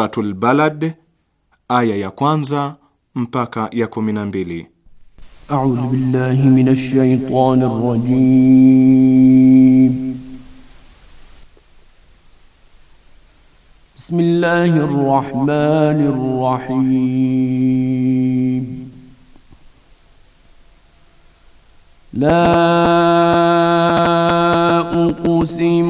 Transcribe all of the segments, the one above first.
Suratul Balad aya ya kwanza mpaka ya kumi na mbili. A'udhu billahi minash shaitanir rajim. Bismillahir rahmanir rahim. La uqsimu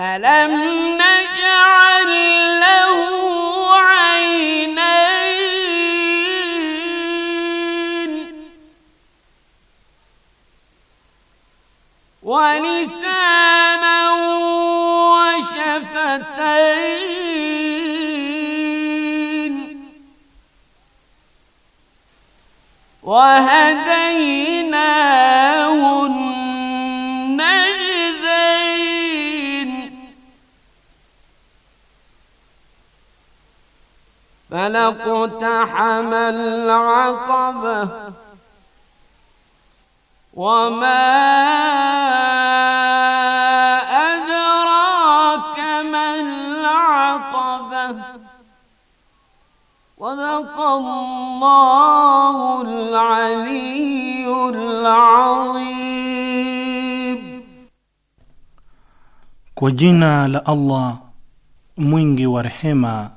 ألم نجعل له عينين ولسانا وشفتين وهديناه فلقتحم العقبة وما أدراك ما العقبة صدق الله العلي العظيم kwa لألله مينجي ورحمه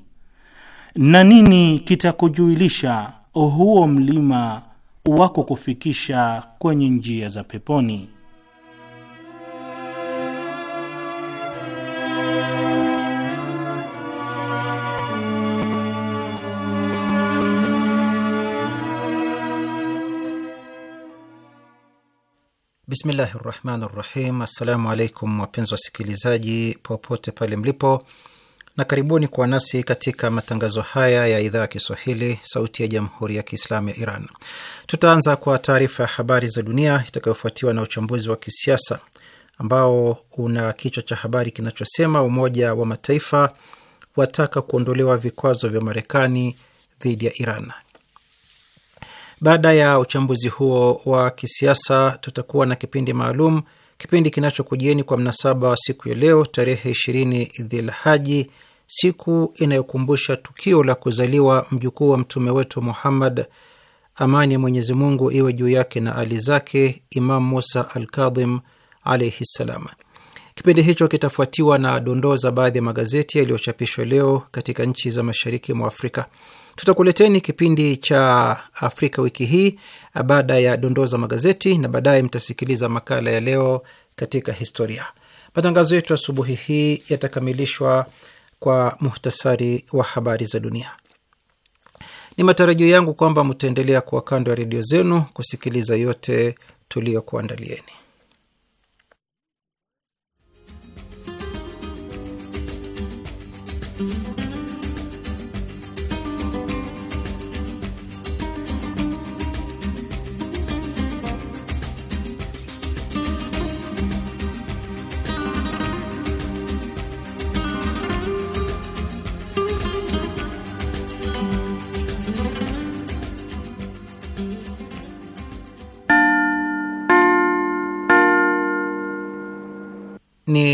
na nini kitakujuilisha huo mlima wako kufikisha kwenye njia za peponi? Bismillahi rahmani rahim. Assalamu alaikum wapenzi wasikilizaji popote pale mlipo na karibuni kwa nasi katika matangazo haya ya idhaa ya Kiswahili, Sauti ya Jamhuri ya Kiislamu ya Iran. Tutaanza kwa taarifa ya habari za dunia itakayofuatiwa na uchambuzi wa kisiasa ambao una kichwa cha habari kinachosema Umoja wa Mataifa wataka kuondolewa vikwazo vya Marekani dhidi ya Iran. Baada ya uchambuzi huo wa kisiasa, tutakuwa na kipindi maalum, kipindi kinachokujieni kwa mnasaba wa siku ya leo tarehe 20 Dhilhaji siku inayokumbusha tukio la kuzaliwa mjukuu wa mtume wetu Muhammad, amani ya Mwenyezi Mungu iwe juu yake na ali zake, Imam Musa Kadhim alaihi ssalam. Kipindi hicho kitafuatiwa na dondoo za baadhi ya magazeti yaliyochapishwa leo katika nchi za mashariki mwa Afrika. Tutakuleteni kipindi cha Afrika wiki hii baada ya dondoo za magazeti, na baadaye mtasikiliza makala ya leo katika historia. Matangazo yetu asubuhi hii yatakamilishwa kwa muhtasari wa habari za dunia. Ni matarajio yangu kwamba mtaendelea kuwa kando ya redio zenu kusikiliza yote tuliyokuandalieni.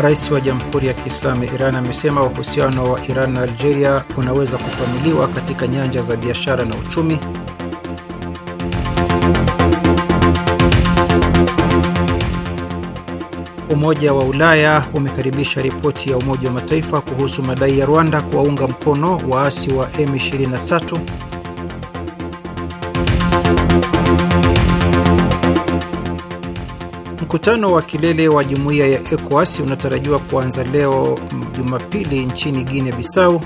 Rais wa Jamhuri ya Kiislamu ya Iran amesema uhusiano wa Iran na Algeria unaweza kupanuliwa katika nyanja za biashara na uchumi. Umoja wa Ulaya umekaribisha ripoti ya Umoja wa Mataifa kuhusu madai ya Rwanda kuwaunga mkono waasi wa M23. Mkutano wa kilele wa jumuiya ya ECOWAS unatarajiwa kuanza leo Jumapili nchini Guinea Bissau.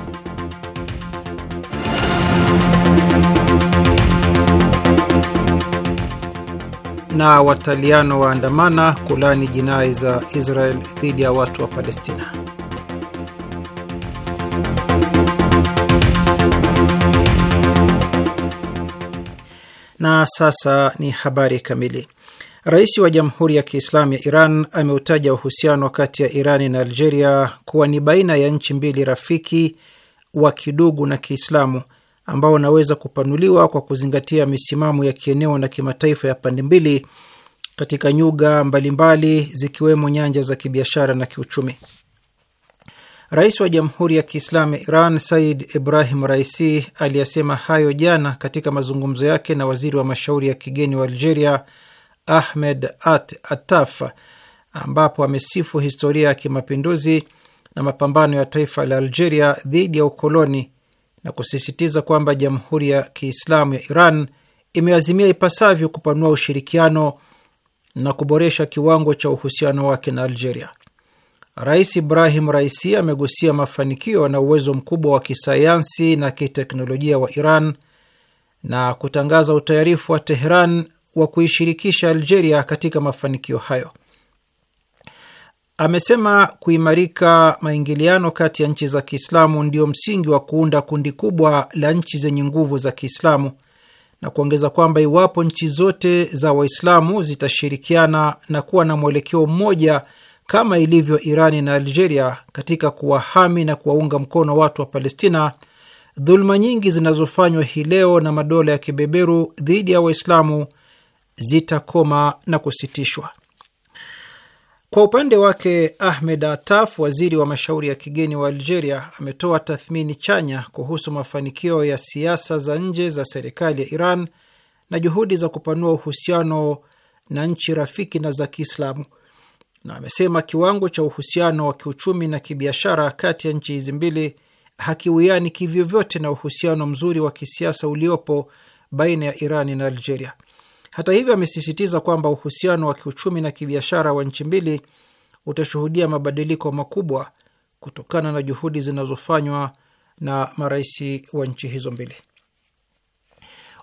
Na Wataliano waandamana kulani jinai za Israel dhidi ya watu wa Palestina. Na sasa ni habari kamili. Rais wa Jamhuri ya Kiislamu ya Iran ameutaja uhusiano kati ya Irani na Algeria kuwa ni baina ya nchi mbili rafiki wa kidugu na Kiislamu ambao wanaweza kupanuliwa kwa kuzingatia misimamo ya kieneo na kimataifa ya pande mbili katika nyuga mbalimbali zikiwemo nyanja za kibiashara na kiuchumi. Rais wa Jamhuri ya Kiislamu ya Iran Said Ibrahim Raisi aliyasema hayo jana katika mazungumzo yake na waziri wa mashauri ya kigeni wa Algeria Ahmed At Ataf ambapo amesifu historia ya kimapinduzi na mapambano ya taifa la Algeria dhidi ya ukoloni na kusisitiza kwamba Jamhuri ya Kiislamu ya Iran imeazimia ipasavyo kupanua ushirikiano na kuboresha kiwango cha uhusiano wake na Algeria. Rais Ibrahim Raisi amegusia mafanikio na uwezo mkubwa wa kisayansi na kiteknolojia wa Iran na kutangaza utayarifu wa Teheran wa kuishirikisha Algeria katika mafanikio hayo. Amesema kuimarika maingiliano kati ya nchi za Kiislamu ndio msingi wa kuunda kundi kubwa la nchi zenye nguvu za Kiislamu na kuongeza kwamba iwapo nchi zote za Waislamu zitashirikiana na kuwa na mwelekeo mmoja kama ilivyo Irani na Algeria katika kuwahami na kuwaunga mkono watu wa Palestina, dhuluma nyingi zinazofanywa hii leo na madola ya kibeberu dhidi ya Waislamu zitakoma na kusitishwa. Kwa upande wake Ahmed ataf waziri wa mashauri ya kigeni wa Algeria, ametoa tathmini chanya kuhusu mafanikio ya siasa za nje za serikali ya Iran na juhudi za kupanua uhusiano na nchi rafiki na za Kiislamu, na amesema kiwango cha uhusiano wa kiuchumi na kibiashara kati ya nchi hizi mbili hakiwiani kivyovyote na uhusiano mzuri wa kisiasa uliopo baina ya Iran na Algeria. Hata hivyo, amesisitiza kwamba uhusiano wa kiuchumi na kibiashara wa nchi mbili utashuhudia mabadiliko makubwa kutokana na juhudi zinazofanywa na marais wa nchi hizo mbili.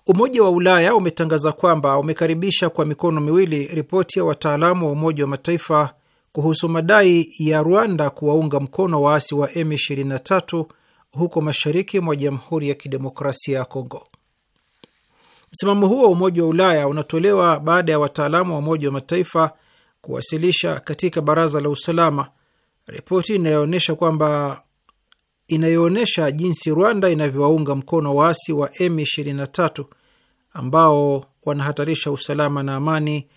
Umoja wa Ulaya umetangaza kwamba umekaribisha kwa mikono miwili ripoti ya wataalamu wa Umoja wa Mataifa kuhusu madai ya Rwanda kuwaunga mkono waasi wa M23 huko mashariki mwa Jamhuri ya Kidemokrasia ya Kongo. Msimamo huo wa Umoja wa Ulaya unatolewa baada ya wataalamu wa Umoja wa Mataifa kuwasilisha katika Baraza la Usalama ripoti inayoonyesha kwamba inayoonyesha jinsi Rwanda inavyowaunga mkono waasi wa M23 ambao wanahatarisha usalama na amani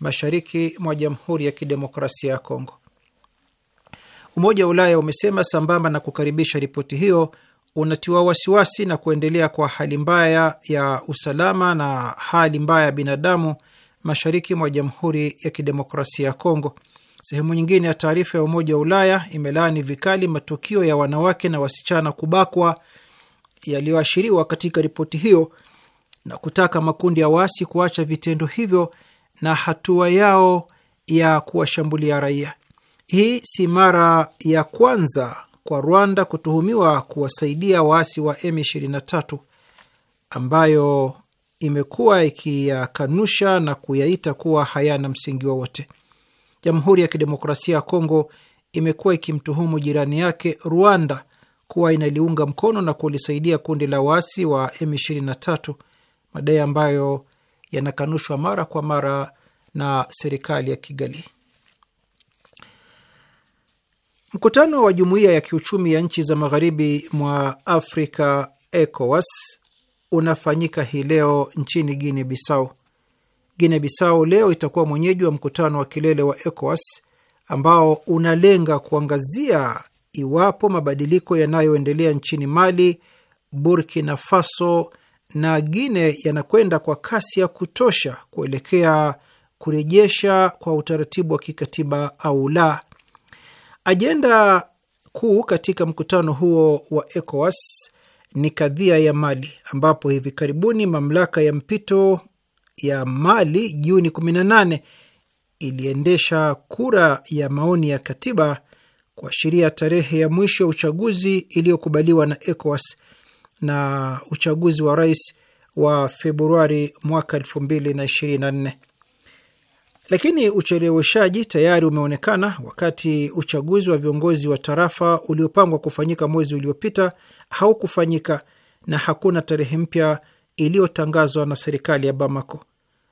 mashariki mwa Jamhuri ya Kidemokrasia ya Kongo. Umoja wa Ulaya umesema sambamba na kukaribisha ripoti hiyo unatiwa wasiwasi na kuendelea kwa hali mbaya ya usalama na hali mbaya ya binadamu mashariki mwa Jamhuri ya Kidemokrasia ya Kongo. Sehemu nyingine ya taarifa ya Umoja wa Ulaya imelaani vikali matukio ya wanawake na wasichana kubakwa yaliyoashiriwa katika ripoti hiyo na kutaka makundi ya waasi kuacha vitendo hivyo na hatua yao ya kuwashambulia raia. Hii si mara ya kwanza kwa Rwanda kutuhumiwa kuwasaidia waasi wa M23 ambayo imekuwa ikiyakanusha na kuyaita kuwa hayana msingi wowote. Jamhuri ya Kidemokrasia ya Kongo imekuwa ikimtuhumu jirani yake Rwanda kuwa inaliunga mkono na kulisaidia kundi la waasi wa M23, madai ambayo yanakanushwa mara kwa mara na serikali ya Kigali. Mkutano wa Jumuiya ya Kiuchumi ya Nchi za Magharibi mwa Afrika, ECOWAS, unafanyika hii leo nchini Guinea Bissau. Guinea Bissau leo itakuwa mwenyeji wa mkutano wa kilele wa ECOWAS ambao unalenga kuangazia iwapo mabadiliko yanayoendelea nchini Mali, Burkina Faso na Guinea yanakwenda kwa kasi ya kutosha kuelekea kurejesha kwa utaratibu wa kikatiba au la Ajenda kuu katika mkutano huo wa ECOWAS ni kadhia ya Mali, ambapo hivi karibuni mamlaka ya mpito ya Mali Juni 18 iliendesha kura ya maoni ya katiba kuashiria tarehe ya mwisho ya uchaguzi iliyokubaliwa na ECOWAS na uchaguzi wa rais wa Februari mwaka 2024. Lakini ucheleweshaji tayari umeonekana wakati uchaguzi wa viongozi wa tarafa uliopangwa kufanyika mwezi uliopita haukufanyika na hakuna tarehe mpya iliyotangazwa na serikali ya Bamako.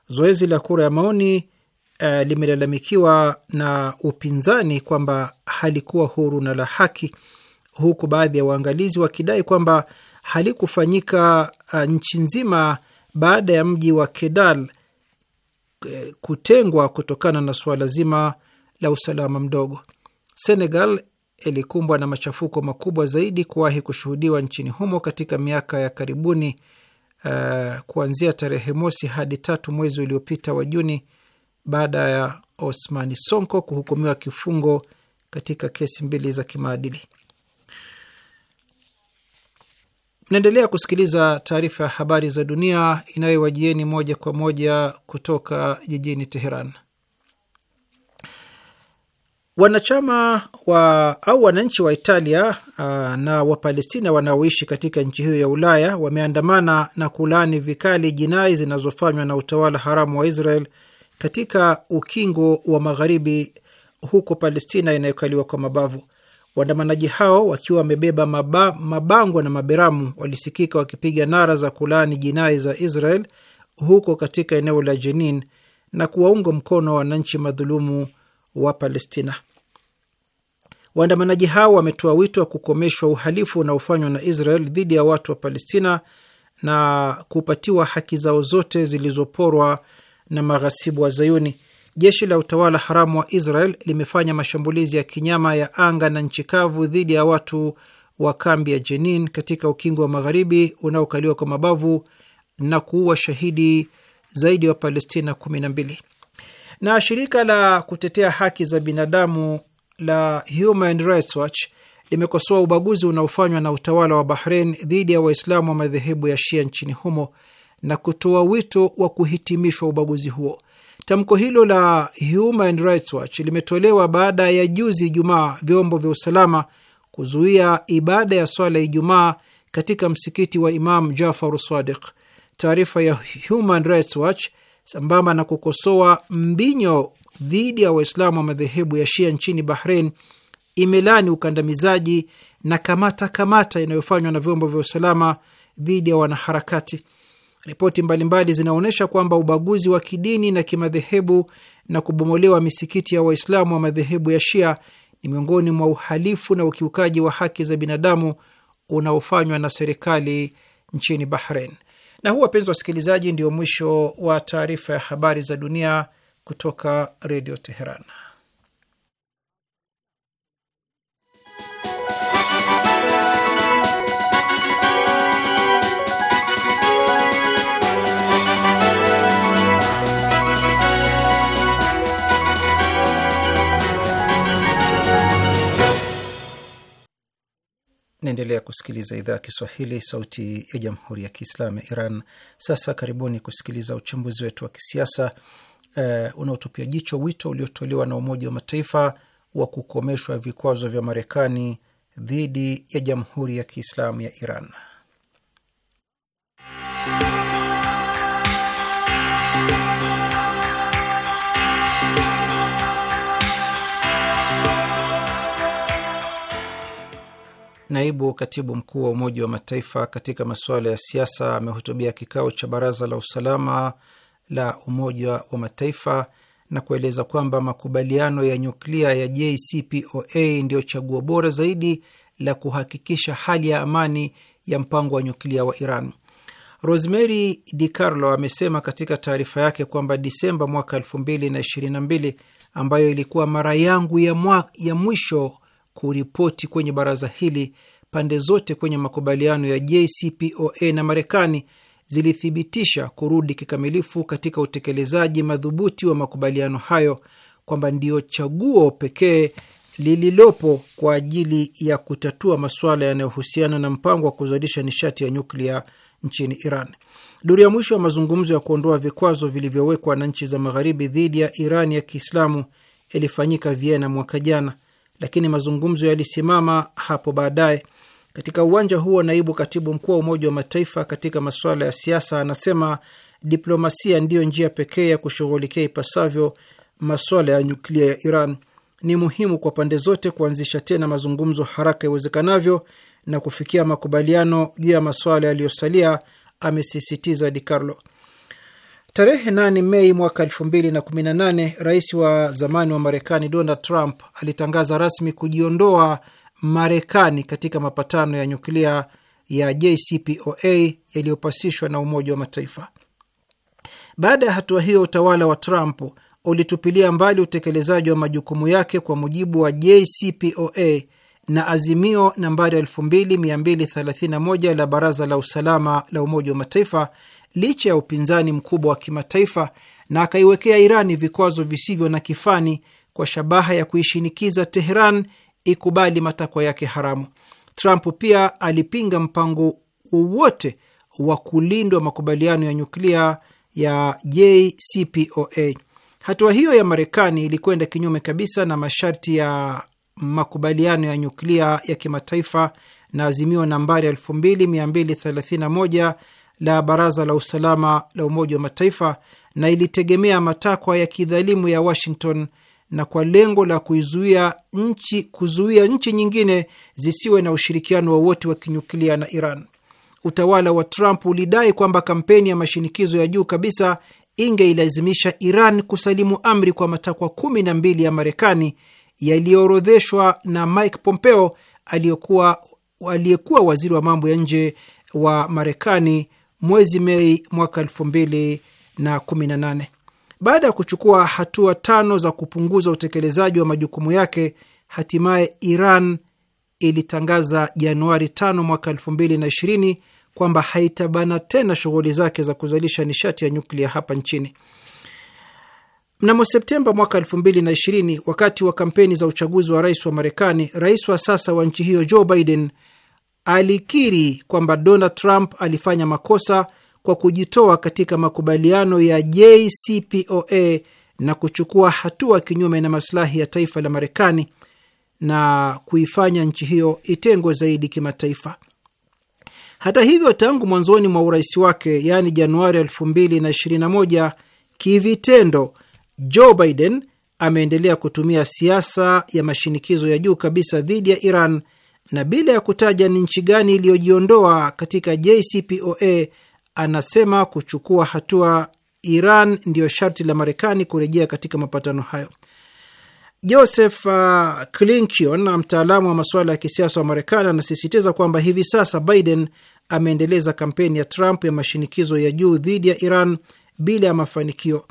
Zoezi la kura ya maoni uh, limelalamikiwa na upinzani kwamba halikuwa huru na la haki, huku baadhi ya waangalizi wakidai kwamba halikufanyika uh, nchi nzima baada ya mji wa Kedal Eh, kutengwa kutokana na suala zima la usalama mdogo. Senegal ilikumbwa na machafuko makubwa zaidi kuwahi kushuhudiwa nchini humo katika miaka ya karibuni, uh, kuanzia tarehe mosi hadi tatu mwezi uliopita wa Juni baada ya Osmani Sonko kuhukumiwa kifungo katika kesi mbili za kimaadili. Mnaendelea kusikiliza taarifa ya habari za dunia inayowajieni moja kwa moja kutoka jijini Teheran. Wanachama wa au wananchi wa Italia uh, na Wapalestina wanaoishi katika nchi hiyo ya Ulaya wameandamana na kulaani vikali jinai zinazofanywa na utawala haramu wa Israel katika ukingo wa magharibi huko Palestina inayokaliwa kwa mabavu. Waandamanaji hao wakiwa wamebeba maba, mabango na maberamu walisikika wakipiga nara za kulaani jinai za Israel huko katika eneo la Jenin na kuwaunga mkono wananchi madhulumu wa Palestina. Waandamanaji hao wametoa wito wa kukomeshwa uhalifu unaofanywa na Israel dhidi ya watu wa Palestina na kupatiwa haki zao zote zilizoporwa na maghasibu wa Zayuni. Jeshi la utawala haramu wa Israel limefanya mashambulizi ya kinyama ya anga na nchi kavu dhidi ya watu wa kambi ya Jenin katika ukingo wa magharibi unaokaliwa kwa mabavu na kuua shahidi zaidi ya Palestina 12. Na shirika la kutetea haki za binadamu la Human Rights Watch limekosoa ubaguzi unaofanywa na utawala wa Bahrain dhidi ya Waislamu wa madhehebu ya Shia nchini humo na kutoa wito wa kuhitimishwa ubaguzi huo. Tamko hilo la Human Rights Watch limetolewa baada ya juzi Ijumaa vyombo vya usalama kuzuia ibada ya swala ya Ijumaa katika msikiti wa Imam Jafar Sadiq. Taarifa ya Human Rights Watch sambamba na kukosoa mbinyo dhidi ya Waislamu wa madhehebu ya Shia nchini Bahrain imelani ukandamizaji na kamata kamata inayofanywa na vyombo vya usalama dhidi ya wanaharakati Ripoti mbalimbali zinaonyesha kwamba ubaguzi wa kidini na kimadhehebu na kubomolewa misikiti ya Waislamu wa madhehebu ya Shia ni miongoni mwa uhalifu na ukiukaji wa haki za binadamu unaofanywa na serikali nchini Bahrain. Na huu, wapenzi wasikilizaji, ndio mwisho wa taarifa ya habari za dunia kutoka Redio Teheran. Naendelea kusikiliza idhaa ya Kiswahili, sauti ya jamhuri ya kiislamu ya Iran. Sasa karibuni kusikiliza uchambuzi wetu wa kisiasa uh, unaotupia jicho wito uliotolewa na Umoja wa Mataifa wa kukomeshwa vikwazo vya Marekani dhidi ya jamhuri ya kiislamu ya Iran. naibu katibu mkuu wa Umoja wa Mataifa katika masuala ya siasa amehutubia kikao cha Baraza la Usalama la Umoja wa Mataifa na kueleza kwamba makubaliano ya nyuklia ya JCPOA ndiyo chaguo bora zaidi la kuhakikisha hali ya amani ya mpango wa nyuklia wa Iran. Rosemary Di Carlo amesema katika taarifa yake kwamba Disemba mwaka 2022 ambayo ilikuwa mara yangu ya, mwa, ya mwisho kuripoti kwenye baraza hili, pande zote kwenye makubaliano ya JCPOA na Marekani zilithibitisha kurudi kikamilifu katika utekelezaji madhubuti wa makubaliano hayo, kwamba ndio chaguo pekee lililopo kwa ajili ya kutatua masuala yanayohusiana na mpango wa kuzalisha nishati ya nyuklia nchini Iran. Duru ya mwisho ya mazungumzo ya kuondoa vikwazo vilivyowekwa na nchi za magharibi dhidi ya Iran ya Kiislamu ilifanyika Vienna mwaka jana lakini mazungumzo yalisimama hapo baadaye. Katika uwanja huo, naibu katibu mkuu wa Umoja wa Mataifa katika masuala ya siasa anasema diplomasia ndiyo njia pekee ya kushughulikia ipasavyo masuala ya nyuklia ya Iran. Ni muhimu kwa pande zote kuanzisha tena mazungumzo haraka iwezekanavyo na kufikia makubaliano juu ya masuala yaliyosalia, amesisitiza Di Carlo. Tarehe 8 Mei mwaka 2018 rais wa zamani wa Marekani Donald Trump alitangaza rasmi kujiondoa Marekani katika mapatano ya nyuklia ya JCPOA yaliyopasishwa na Umoja wa Mataifa. Baada ya hatua hiyo, utawala wa Trump ulitupilia mbali utekelezaji wa majukumu yake kwa mujibu wa JCPOA na azimio nambari 2231 la Baraza la Usalama la Umoja wa Mataifa licha ya upinzani mkubwa wa kimataifa na akaiwekea Irani vikwazo visivyo na kifani kwa shabaha ya kuishinikiza Teheran ikubali matakwa yake haramu. Trump pia alipinga mpango wowote wa kulindwa makubaliano ya nyuklia ya JCPOA. Hatua hiyo ya Marekani ilikwenda kinyume kabisa na masharti ya makubaliano ya nyuklia ya kimataifa na azimio nambari 2231 la Baraza la Usalama la Umoja wa Mataifa na ilitegemea matakwa ya kidhalimu ya Washington na kwa lengo la kuizuia nchi kuzuia nchi nyingine zisiwe na ushirikiano wowote wa, wa kinyuklia na Iran. Utawala wa Trump ulidai kwamba kampeni ya mashinikizo ya juu kabisa ingeilazimisha Iran kusalimu amri kwa matakwa kumi na mbili ya Marekani yaliyoorodheshwa na Mike Pompeo aliyekuwa waziri wa mambo ya nje wa Marekani mwezi Mei mwaka nane Baada ya kuchukua hatua tano za kupunguza utekelezaji wa majukumu yake, hatimaye Iran ilitangaza Januari 5 mwaka ishirini kwamba haitabana tena shughuli zake za kuzalisha nishati ya nyuklia hapa nchini. Mnamo Septemba mwaka ishirini wakati wa kampeni za uchaguzi wa rais wa Marekani, rais wa sasa wa nchi hiyo Joe Biden alikiri kwamba Donald Trump alifanya makosa kwa kujitoa katika makubaliano ya JCPOA na kuchukua hatua kinyume na masilahi ya taifa la Marekani na kuifanya nchi hiyo itengwe zaidi kimataifa. Hata hivyo, tangu mwanzoni mwa urais wake, yaani Januari 2021, kivitendo Joe Biden ameendelea kutumia siasa ya mashinikizo ya juu kabisa dhidi ya Iran na bila ya kutaja ni nchi gani iliyojiondoa katika JCPOA, anasema kuchukua hatua Iran ndiyo sharti la Marekani kurejea katika mapatano hayo. Joseph uh, Klinkion, mtaalamu wa masuala ya kisiasa wa Marekani, anasisitiza kwamba hivi sasa Biden ameendeleza kampeni ya Trump ya mashinikizo ya juu dhidi ya Iran bila ya mafanikio.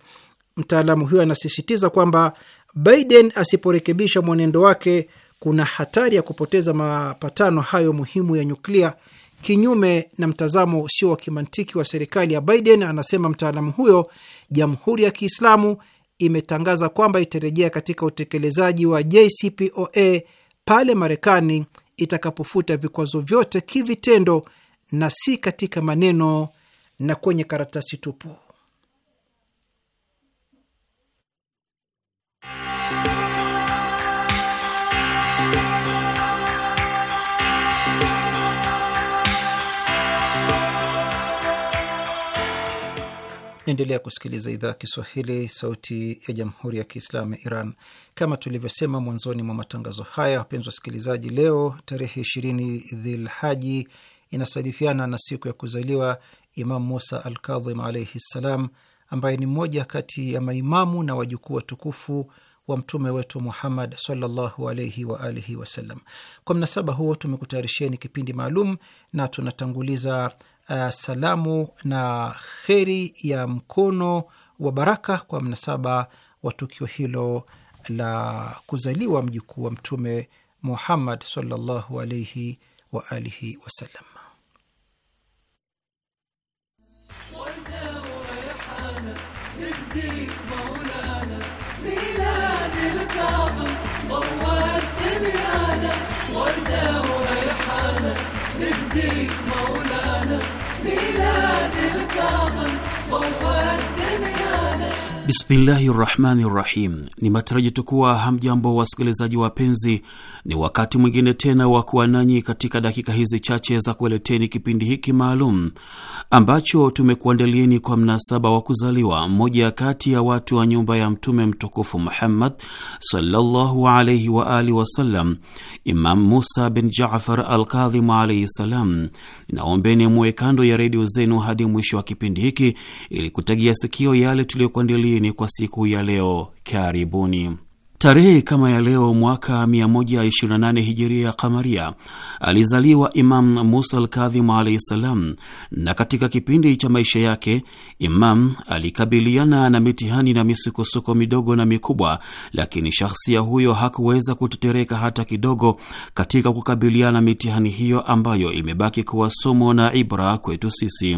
Mtaalamu huyo anasisitiza kwamba Biden asiporekebisha mwenendo wake kuna hatari ya kupoteza mapatano hayo muhimu ya nyuklia, kinyume na mtazamo usio wa kimantiki wa serikali ya Biden, anasema mtaalamu huyo. Jamhuri ya Kiislamu imetangaza kwamba itarejea katika utekelezaji wa JCPOA pale Marekani itakapofuta vikwazo vyote kivitendo na si katika maneno na kwenye karatasi tupu. Naendelea kusikiliza idhaa ya Kiswahili, sauti ya jamhuri ya kiislamu ya Iran. Kama tulivyosema mwanzoni mwa matangazo haya, wapenzi wasikilizaji, leo tarehe ishirini haji inasadifiana na siku ya kuzaliwa Imam Musa al Kadhim alaihi ssalam, ambaye ni mmoja kati ya maimamu na wajukuu wa tukufu wa mtume wetu Muhammad sallallahu alaihi wa alihi wasallam. Kwa mnasaba huo, tumekutayarishieni kipindi maalum na tunatanguliza uh, salamu na kheri ya mkono wa baraka kwa mnasaba wa tukio hilo la kuzaliwa mjukuu wa Mtume Muhammad sallallahu alaihi wa alihi wasallam. Bismillahi rahmani rahim. Ni matarajio tukuwa hamjambo wasikilizaji wapenzi, ni wakati mwingine tena wa kuwa nanyi katika dakika hizi chache za kueleteni kipindi hiki maalum ambacho tumekuandalieni kwa mnasaba wa kuzaliwa mmoja kati ya watu wa nyumba ya Mtume mtukufu Muhammad sallallahu alaihi wa alihi wasallam, Imam Musa bin Jafar Alkadhimu alaihi salam. Naombeni muwe kando ya redio zenu hadi mwisho wa kipindi hiki ili kutegia sikio yale tuliyokuandalieni kwa siku ya leo. Karibuni. Tarehe kama ya leo mwaka 128 hijiria ya kamaria alizaliwa Imam Musa Alkadhimu alaihi ssalam, na katika kipindi cha maisha yake Imam alikabiliana na mitihani na misukosuko midogo na mikubwa, lakini shahsia huyo hakuweza kutetereka hata kidogo katika kukabiliana mitihani hiyo ambayo imebaki kuwa somo na ibra kwetu sisi.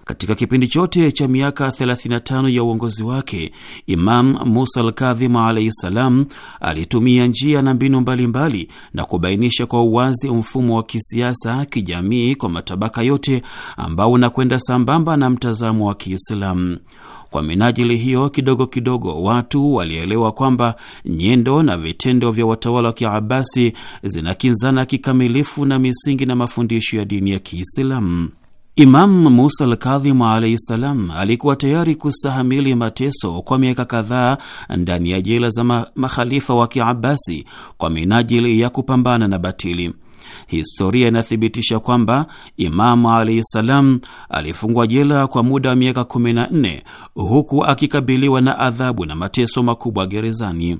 Katika kipindi chote cha miaka 35 ya uongozi wake, Imam Musa Alkadhim alaihi ssalam alitumia njia na mbinu mbalimbali mbali, na kubainisha kwa uwazi mfumo wa kisiasa kijamii kwa matabaka yote ambao unakwenda sambamba na mtazamo wa Kiislamu. Kwa minajili hiyo, kidogo kidogo watu walielewa kwamba nyendo na vitendo vya watawala wa Kiabasi zinakinzana kikamilifu na misingi na mafundisho ya dini ya Kiislamu. Imamu Musa Alkadhim alaihi ssalam alikuwa tayari kustahamili mateso kwa miaka kadhaa ndani ya jela za makhalifa wa Kiabasi kwa minajili ya kupambana na batili. Historia inathibitisha kwamba Imamu alaihi ssalam alifungwa jela kwa muda wa miaka 14 huku akikabiliwa na adhabu na mateso makubwa gerezani.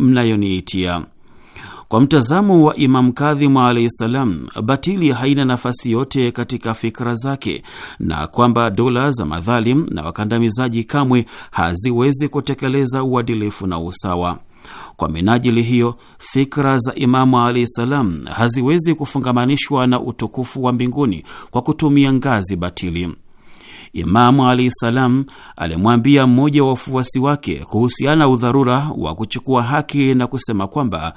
mnayoniitia. Kwa mtazamo wa Imam Kadhimu alaihi ssalam, batili haina nafasi yote katika fikra zake na kwamba dola za madhalim na wakandamizaji kamwe haziwezi kutekeleza uadilifu na usawa. Kwa minajili hiyo, fikra za Imamu alaihi ssalam haziwezi kufungamanishwa na utukufu wa mbinguni kwa kutumia ngazi batili. Imamu alaihi salam alimwambia mmoja wa wafuasi wake kuhusiana udharura wa kuchukua haki na kusema kwamba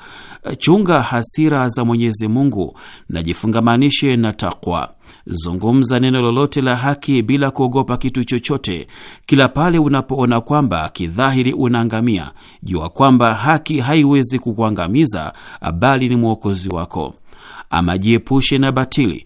chunga hasira za Mwenyezi Mungu na jifungamanishe na takwa. Zungumza neno lolote la haki bila kuogopa kitu chochote. Kila pale unapoona kwamba kidhahiri unaangamia, jua kwamba haki haiwezi kukuangamiza, bali ni mwokozi wako. Ama jiepushe na batili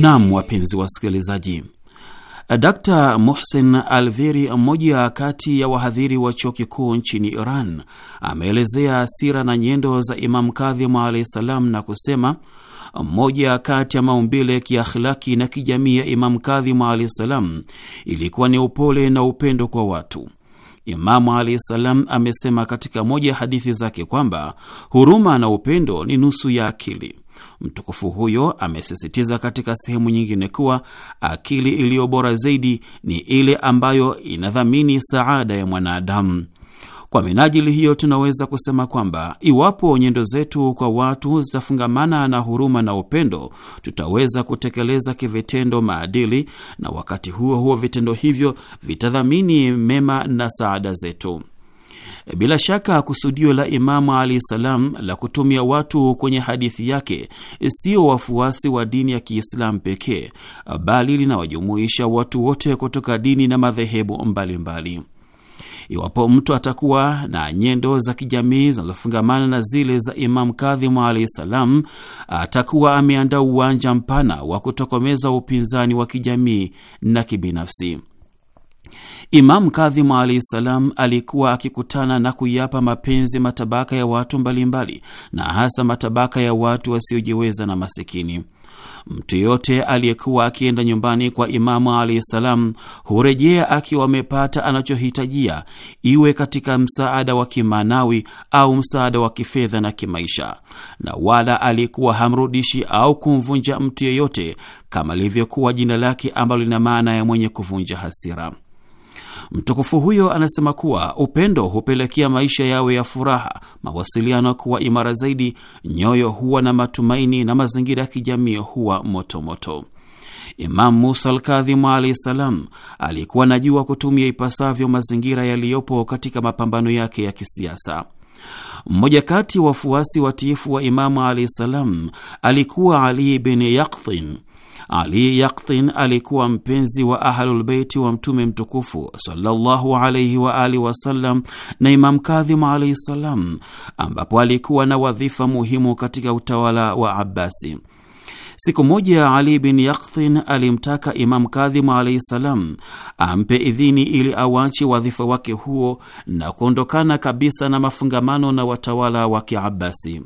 Naam, wapenzi wasikilizaji, d Mohsen Alveri, mmoja kati ya wahadhiri wa chuo kikuu nchini Iran, ameelezea sira na nyendo za Imam Kadhimu alahi salam na kusema mmoja kati ya maumbile ya kiakhlaki na kijamii ya Imam Kadhimu alahi salam ilikuwa ni upole na upendo kwa watu. Imamu alahi salam amesema katika moja ya hadithi zake kwamba huruma na upendo ni nusu ya akili. Mtukufu huyo amesisitiza katika sehemu nyingine kuwa akili iliyo bora zaidi ni ile ambayo inadhamini saada ya mwanadamu. Kwa minajili hiyo, tunaweza kusema kwamba iwapo nyendo zetu kwa watu zitafungamana na huruma na upendo, tutaweza kutekeleza kivitendo maadili, na wakati huo huo vitendo hivyo vitadhamini mema na saada zetu. Bila shaka kusudio la Imamu alahi salam la kutumia watu kwenye hadithi yake sio wafuasi wa dini ya Kiislamu pekee, bali linawajumuisha watu wote kutoka dini na madhehebu mbalimbali mbali. Iwapo mtu atakuwa na nyendo za kijamii zinazofungamana na zile za Imamu Kadhimu alahi salam, atakuwa ameandaa uwanja mpana wa kutokomeza upinzani wa kijamii na kibinafsi. Imam Kadhimu alahi salam alikuwa akikutana na kuyapa mapenzi matabaka ya watu mbalimbali na hasa matabaka ya watu wasiojiweza na masikini. Mtu yote aliyekuwa akienda nyumbani kwa Imamu alahi salam hurejea akiwa amepata anachohitajia, iwe katika msaada wa kimaanawi au msaada wa kifedha na kimaisha, na wala alikuwa hamrudishi au kumvunja mtu yeyote, kama lilivyokuwa jina lake ambalo lina maana ya mwenye kuvunja hasira. Mtukufu huyo anasema kuwa upendo hupelekea maisha yawe ya furaha, mawasiliano kuwa imara zaidi, nyoyo huwa na matumaini na mazingira ya kijamii huwa motomoto moto. Imam Musa Alkadhimu alahi salam alikuwa anajua kutumia ipasavyo mazingira yaliyopo katika mapambano yake ya kisiasa. Mmoja kati wafuasi watiifu wa Imamu alahi salam alikuwa Ali bin Yakthin ali Yaktin alikuwa mpenzi wa Ahlulbeiti wa Mtume mtukufu sallallahu alaihi wa alihi wasallam na Imam Kadhim alaihi salam, ambapo alikuwa na wadhifa muhimu katika utawala wa Abbasi. Siku moja Ali bin Yakthin alimtaka Imam Kadhimu alaihi salam ampe idhini ili awache wadhifa wake huo na kuondokana kabisa na mafungamano na watawala wa Kiabasi.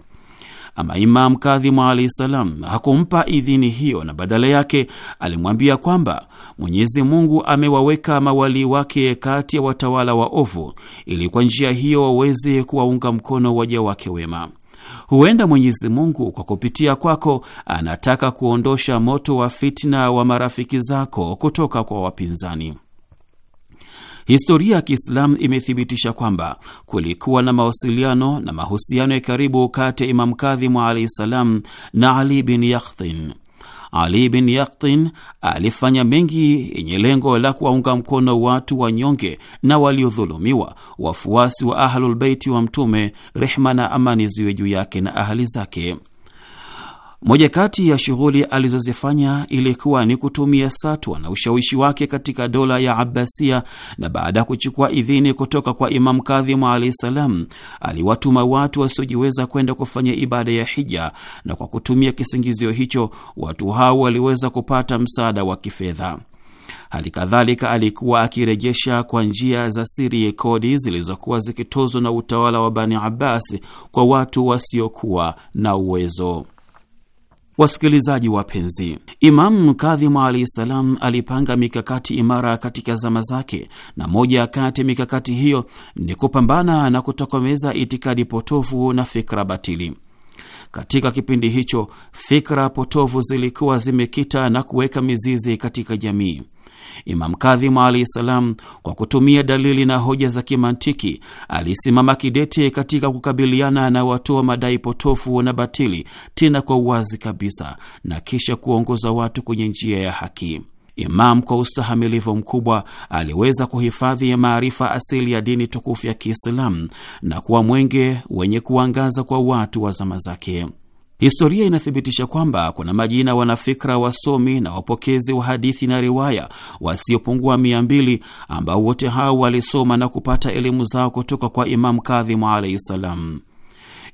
Ama Imam Kadhimu alaihi salam hakumpa idhini hiyo, na badala yake alimwambia kwamba Mwenyezi Mungu amewaweka mawalii wake kati ya watawala waovu ili kwa njia hiyo waweze kuwaunga mkono waja wake wema. Huenda Mwenyezi Mungu kwa kupitia kwako anataka kuondosha moto wa fitna wa marafiki zako kutoka kwa wapinzani. Historia ya Kiislamu imethibitisha kwamba kulikuwa na mawasiliano na mahusiano ya karibu kati ya Imam Kadhimu alaihi ssalam na Ali bin Yakhtin. Ali bin Yakhtin alifanya mengi yenye lengo la kuwaunga mkono watu wanyonge na waliodhulumiwa, wafuasi wa Ahlulbeiti wa Mtume, rehma na amani ziwe juu yake na ahali zake. Moja kati ya shughuli alizozifanya ilikuwa ni kutumia satwa na ushawishi wake katika dola ya Abbasia, na baada ya kuchukua idhini kutoka kwa Imamu Kadhimu alahi salam, aliwatuma watu wasiojiweza kwenda kufanya ibada ya hija, na kwa kutumia kisingizio hicho watu hao waliweza kupata msaada wa kifedha. Hali kadhalika alikuwa akirejesha kwa njia za siri kodi zilizokuwa zikitozwa na utawala wa Bani Abbas kwa watu wasiokuwa na uwezo. Wasikilizaji wapenzi, Imamu Kadhimu alahi salam alipanga mikakati imara katika zama zake, na moja kati ya mikakati hiyo ni kupambana na kutokomeza itikadi potofu na fikra batili. Katika kipindi hicho, fikra potofu zilikuwa zimekita na kuweka mizizi katika jamii. Imam Kadhimu alahi salam, kwa kutumia dalili na hoja za kimantiki, alisimama kidete katika kukabiliana na watoa madai potofu na batili, tena kwa uwazi kabisa, na kisha kuongoza watu kwenye njia ya haki. Imam kwa ustahamilivu mkubwa aliweza kuhifadhi ya maarifa asili ya dini tukufu ya Kiislamu na kuwa mwenge wenye kuangaza kwa watu wa zama zake. Historia inathibitisha kwamba kuna majina wanafikra, wasomi na wapokezi wa hadithi na riwaya wasiopungua mia mbili ambao wote hao walisoma na kupata elimu zao kutoka kwa Imamu Kadhimu alaihi ssalam.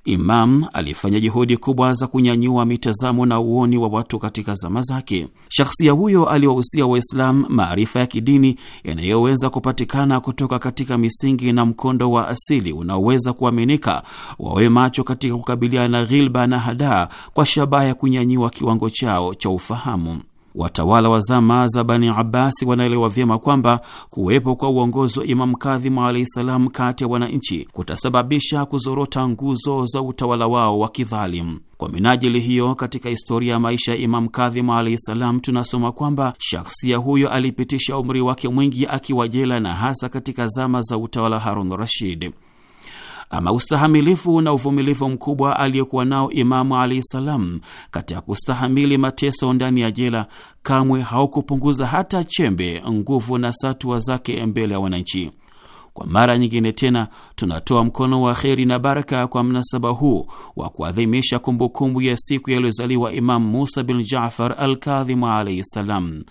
Imam alifanya juhudi kubwa za kunyanyua mitazamo na uoni wa watu katika zama zake. Shakhsia huyo aliwahusia Waislamu maarifa ya kidini yanayoweza kupatikana kutoka katika misingi na mkondo wa asili unaoweza kuaminika, wawe macho katika kukabiliana na ghilba na hadaa kwa shabaha ya kunyanyiwa kiwango chao cha ufahamu. Watawala wa zama za Bani Abasi wanaelewa vyema kwamba kuwepo kwa uongozi wa Imamu Kadhimu alahi salam kati ya wananchi kutasababisha kuzorota nguzo za utawala wao wa kidhalimu. Kwa minajili hiyo, katika historia ya maisha ya Imamu Kadhimu alahi salam tunasoma kwamba shakhsia huyo alipitisha umri wake mwingi akiwa jela na hasa katika zama za utawala Harun Rashid ama ustahamilifu na uvumilivu mkubwa aliyekuwa nao Imamu alaihi salam katika kustahamili mateso ndani ya jela kamwe haukupunguza hata chembe nguvu na satua zake mbele ya wananchi. Kwa mara nyingine tena tunatoa mkono wa kheri na baraka kwa mnasaba huu wa kuadhimisha kumbukumbu ya siku yaliyozaliwa Imamu Musa bin Jafar Alkadhimu alaihi ssalam.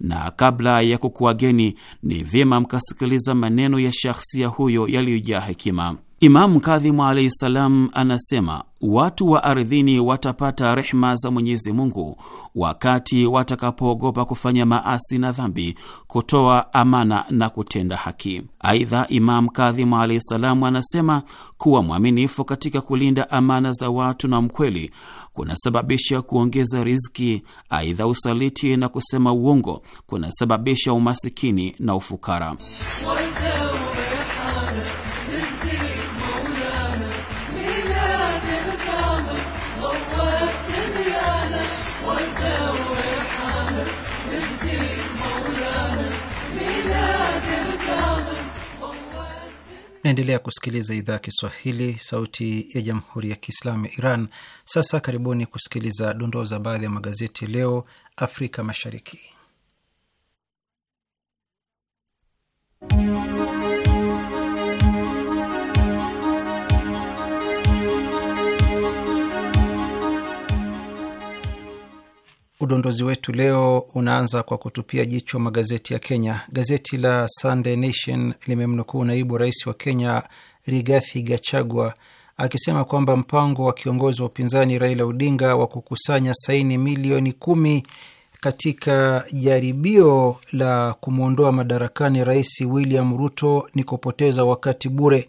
Na kabla ya kukuwageni, ni vyema mkasikiliza maneno ya shakhsia huyo yaliyojaa hekima. Imamu Kadhimu alaihi salam anasema watu wa ardhini watapata rehma za Mwenyezi Mungu wakati watakapoogopa kufanya maasi na dhambi, kutoa amana na kutenda haki. Aidha, Imamu Kadhimu alaihi salam anasema kuwa mwaminifu katika kulinda amana za watu na mkweli kunasababisha kuongeza riziki. Aidha, usaliti na kusema uongo kunasababisha umasikini na ufukara. Naendelea kusikiliza idhaa ya Kiswahili, sauti ya jamhuri ya kiislamu ya Iran. Sasa karibuni kusikiliza dondoo za baadhi ya magazeti leo Afrika Mashariki. Udondozi wetu leo unaanza kwa kutupia jicho magazeti ya Kenya. Gazeti la Sunday Nation limemnukuu naibu rais wa Kenya Rigathi Gachagua akisema kwamba mpango wa kiongozi wa upinzani Raila Odinga wa kukusanya saini milioni kumi katika jaribio la kumwondoa madarakani Rais William Ruto ni kupoteza wakati bure.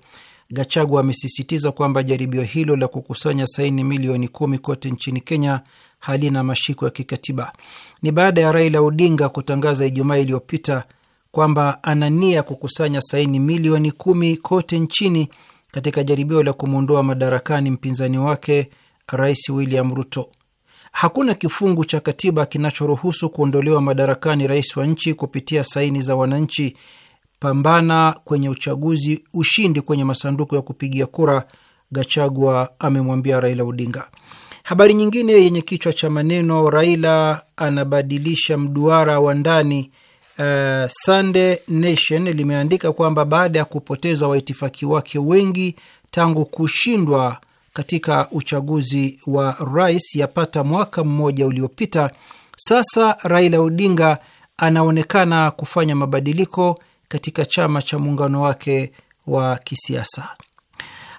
Gachagua amesisitiza kwamba jaribio hilo la kukusanya saini milioni kumi kote nchini Kenya halina mashiko ya kikatiba. Ni baada ya Raila Odinga kutangaza Ijumaa iliyopita kwamba ana nia ya kukusanya saini milioni kumi kote nchini katika jaribio la kumwondoa madarakani mpinzani wake Rais William Ruto. Hakuna kifungu cha katiba kinachoruhusu kuondolewa madarakani rais wa nchi kupitia saini za wananchi, pambana kwenye uchaguzi, ushindi kwenye masanduku ya kupigia kura, Gachagua amemwambia Raila Odinga. Habari nyingine yenye kichwa cha maneno Raila anabadilisha mduara wa ndani Uh, Sunday Nation limeandika kwamba baada ya kupoteza waitifaki wake wengi tangu kushindwa katika uchaguzi wa rais yapata mwaka mmoja uliopita, sasa Raila Odinga anaonekana kufanya mabadiliko katika chama cha muungano wake wa kisiasa.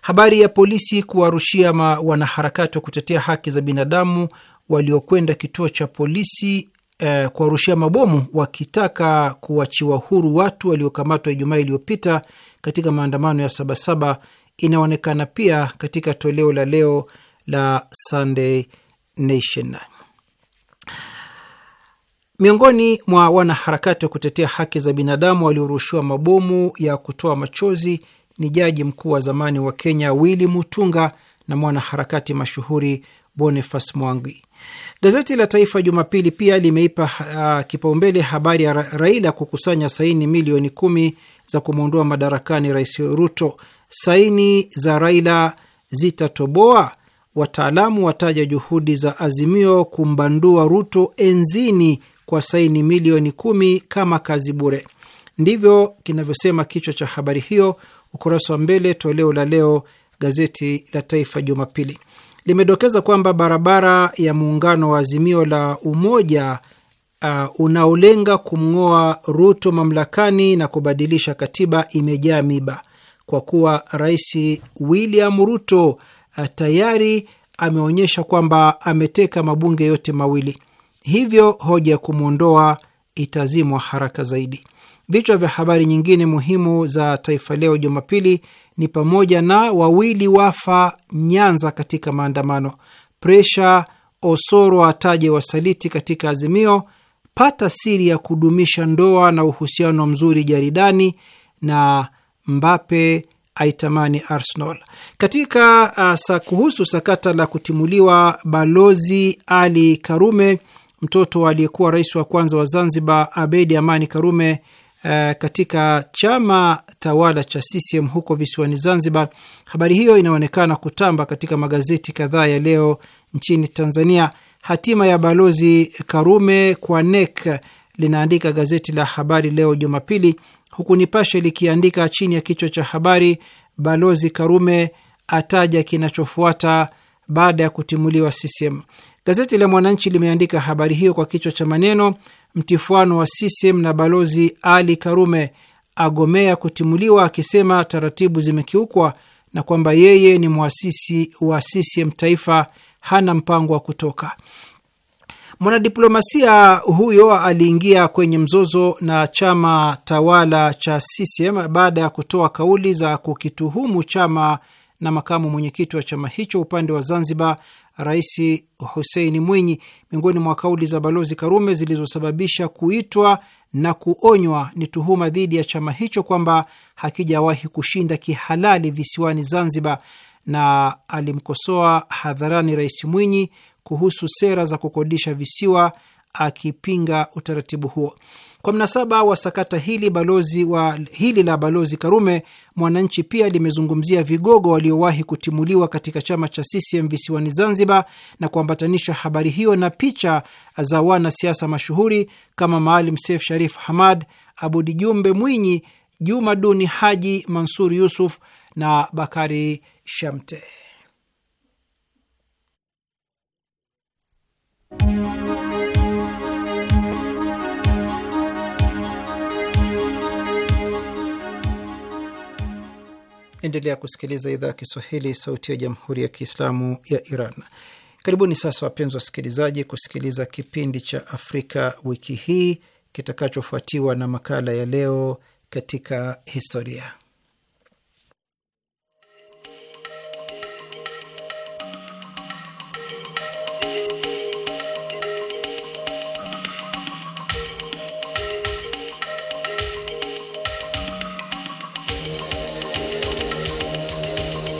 Habari ya polisi kuwarushia wanaharakati wa kutetea haki za binadamu waliokwenda kituo cha polisi eh, kuwarushia mabomu wakitaka kuachiwa huru watu waliokamatwa Ijumaa iliyopita katika maandamano ya Sabasaba inaonekana pia katika toleo la leo la Sunday Nation. Miongoni mwa wanaharakati wa kutetea haki za binadamu waliorushiwa mabomu ya kutoa machozi ni jaji mkuu wa zamani wa Kenya Willy Mutunga na mwanaharakati mashuhuri Boniface Mwangi. Gazeti la Taifa Jumapili pia limeipa uh, kipaumbele habari ya Raila kukusanya saini milioni kumi za kumwondoa madarakani Rais Ruto. Saini za Raila zitatoboa, wataalamu wataja juhudi za Azimio kumbandua Ruto enzini kwa saini milioni kumi kama kazi bure. Ndivyo kinavyosema kichwa cha habari hiyo, ukurasa wa mbele, toleo la leo gazeti la Taifa Jumapili limedokeza kwamba barabara ya muungano wa Azimio la Umoja uh, unaolenga kumng'oa Ruto mamlakani na kubadilisha katiba imejaa miba kwa kuwa Rais William Ruto uh, tayari ameonyesha kwamba ameteka mabunge yote mawili, hivyo hoja ya kumwondoa itazimwa haraka zaidi. Vichwa vya habari nyingine muhimu za Taifa Leo Jumapili ni pamoja na wawili wafa Nyanza katika maandamano, presha Osoro ataje wasaliti katika Azimio, pata siri ya kudumisha ndoa na uhusiano mzuri jaridani, na Mbape aitamani Arsenal. Katika uh, sa kuhusu sakata la kutimuliwa balozi Ali Karume mtoto aliyekuwa rais wa kwanza wa Zanzibar abedi Amani Karume uh, katika chama tawala cha CCM huko visiwani Zanzibar. Habari hiyo inaonekana kutamba katika magazeti kadhaa ya leo nchini Tanzania. Hatima ya balozi Karume kwa NEC linaandika gazeti la Habari Leo Jumapili, huku Nipashe likiandika chini ya kichwa cha habari, balozi Karume ataja kinachofuata baada ya kutimuliwa CCM. Gazeti la Mwananchi limeandika habari hiyo kwa kichwa cha maneno, mtifuano wa CCM na Balozi Ali Karume agomea kutimuliwa akisema taratibu zimekiukwa na kwamba yeye ni mwasisi wa CCM taifa, hana mpango wa kutoka. Mwanadiplomasia huyo aliingia kwenye mzozo na chama tawala cha CCM baada ya kutoa kauli za kukituhumu chama na makamu mwenyekiti wa chama hicho upande wa Zanzibar Rais Huseini Mwinyi, miongoni mwa kauli za Balozi Karume zilizosababisha kuitwa na kuonywa ni tuhuma dhidi ya chama hicho kwamba hakijawahi kushinda kihalali visiwani Zanzibar, na alimkosoa hadharani Rais Mwinyi kuhusu sera za kukodisha visiwa akipinga utaratibu huo. Kwa mnasaba wa sakata hili balozi wa hili la balozi Karume, Mwananchi pia limezungumzia vigogo waliowahi kutimuliwa katika chama cha CCM visiwani Zanzibar na kuambatanisha habari hiyo na picha za wanasiasa mashuhuri kama Maalim Seif Sharif Hamad, Abudi Jumbe Mwinyi, Juma Duni Haji, Mansur Yusuf na Bakari Shamte. Endelea kusikiliza idhaa ya Kiswahili, sauti ya jamhuri ya kiislamu ya Iran. Karibuni sasa, wapenzi wasikilizaji, kusikiliza kipindi cha Afrika wiki hii kitakachofuatiwa na makala ya leo katika historia.